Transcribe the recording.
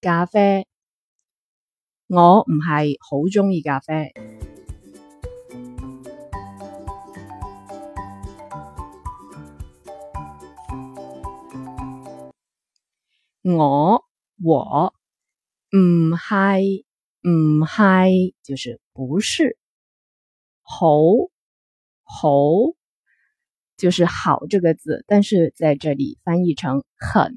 咖啡，我唔係好鍾意咖啡。我我唔係唔係，就是不是好好，就是好這個字，但是在這裏翻譯成很。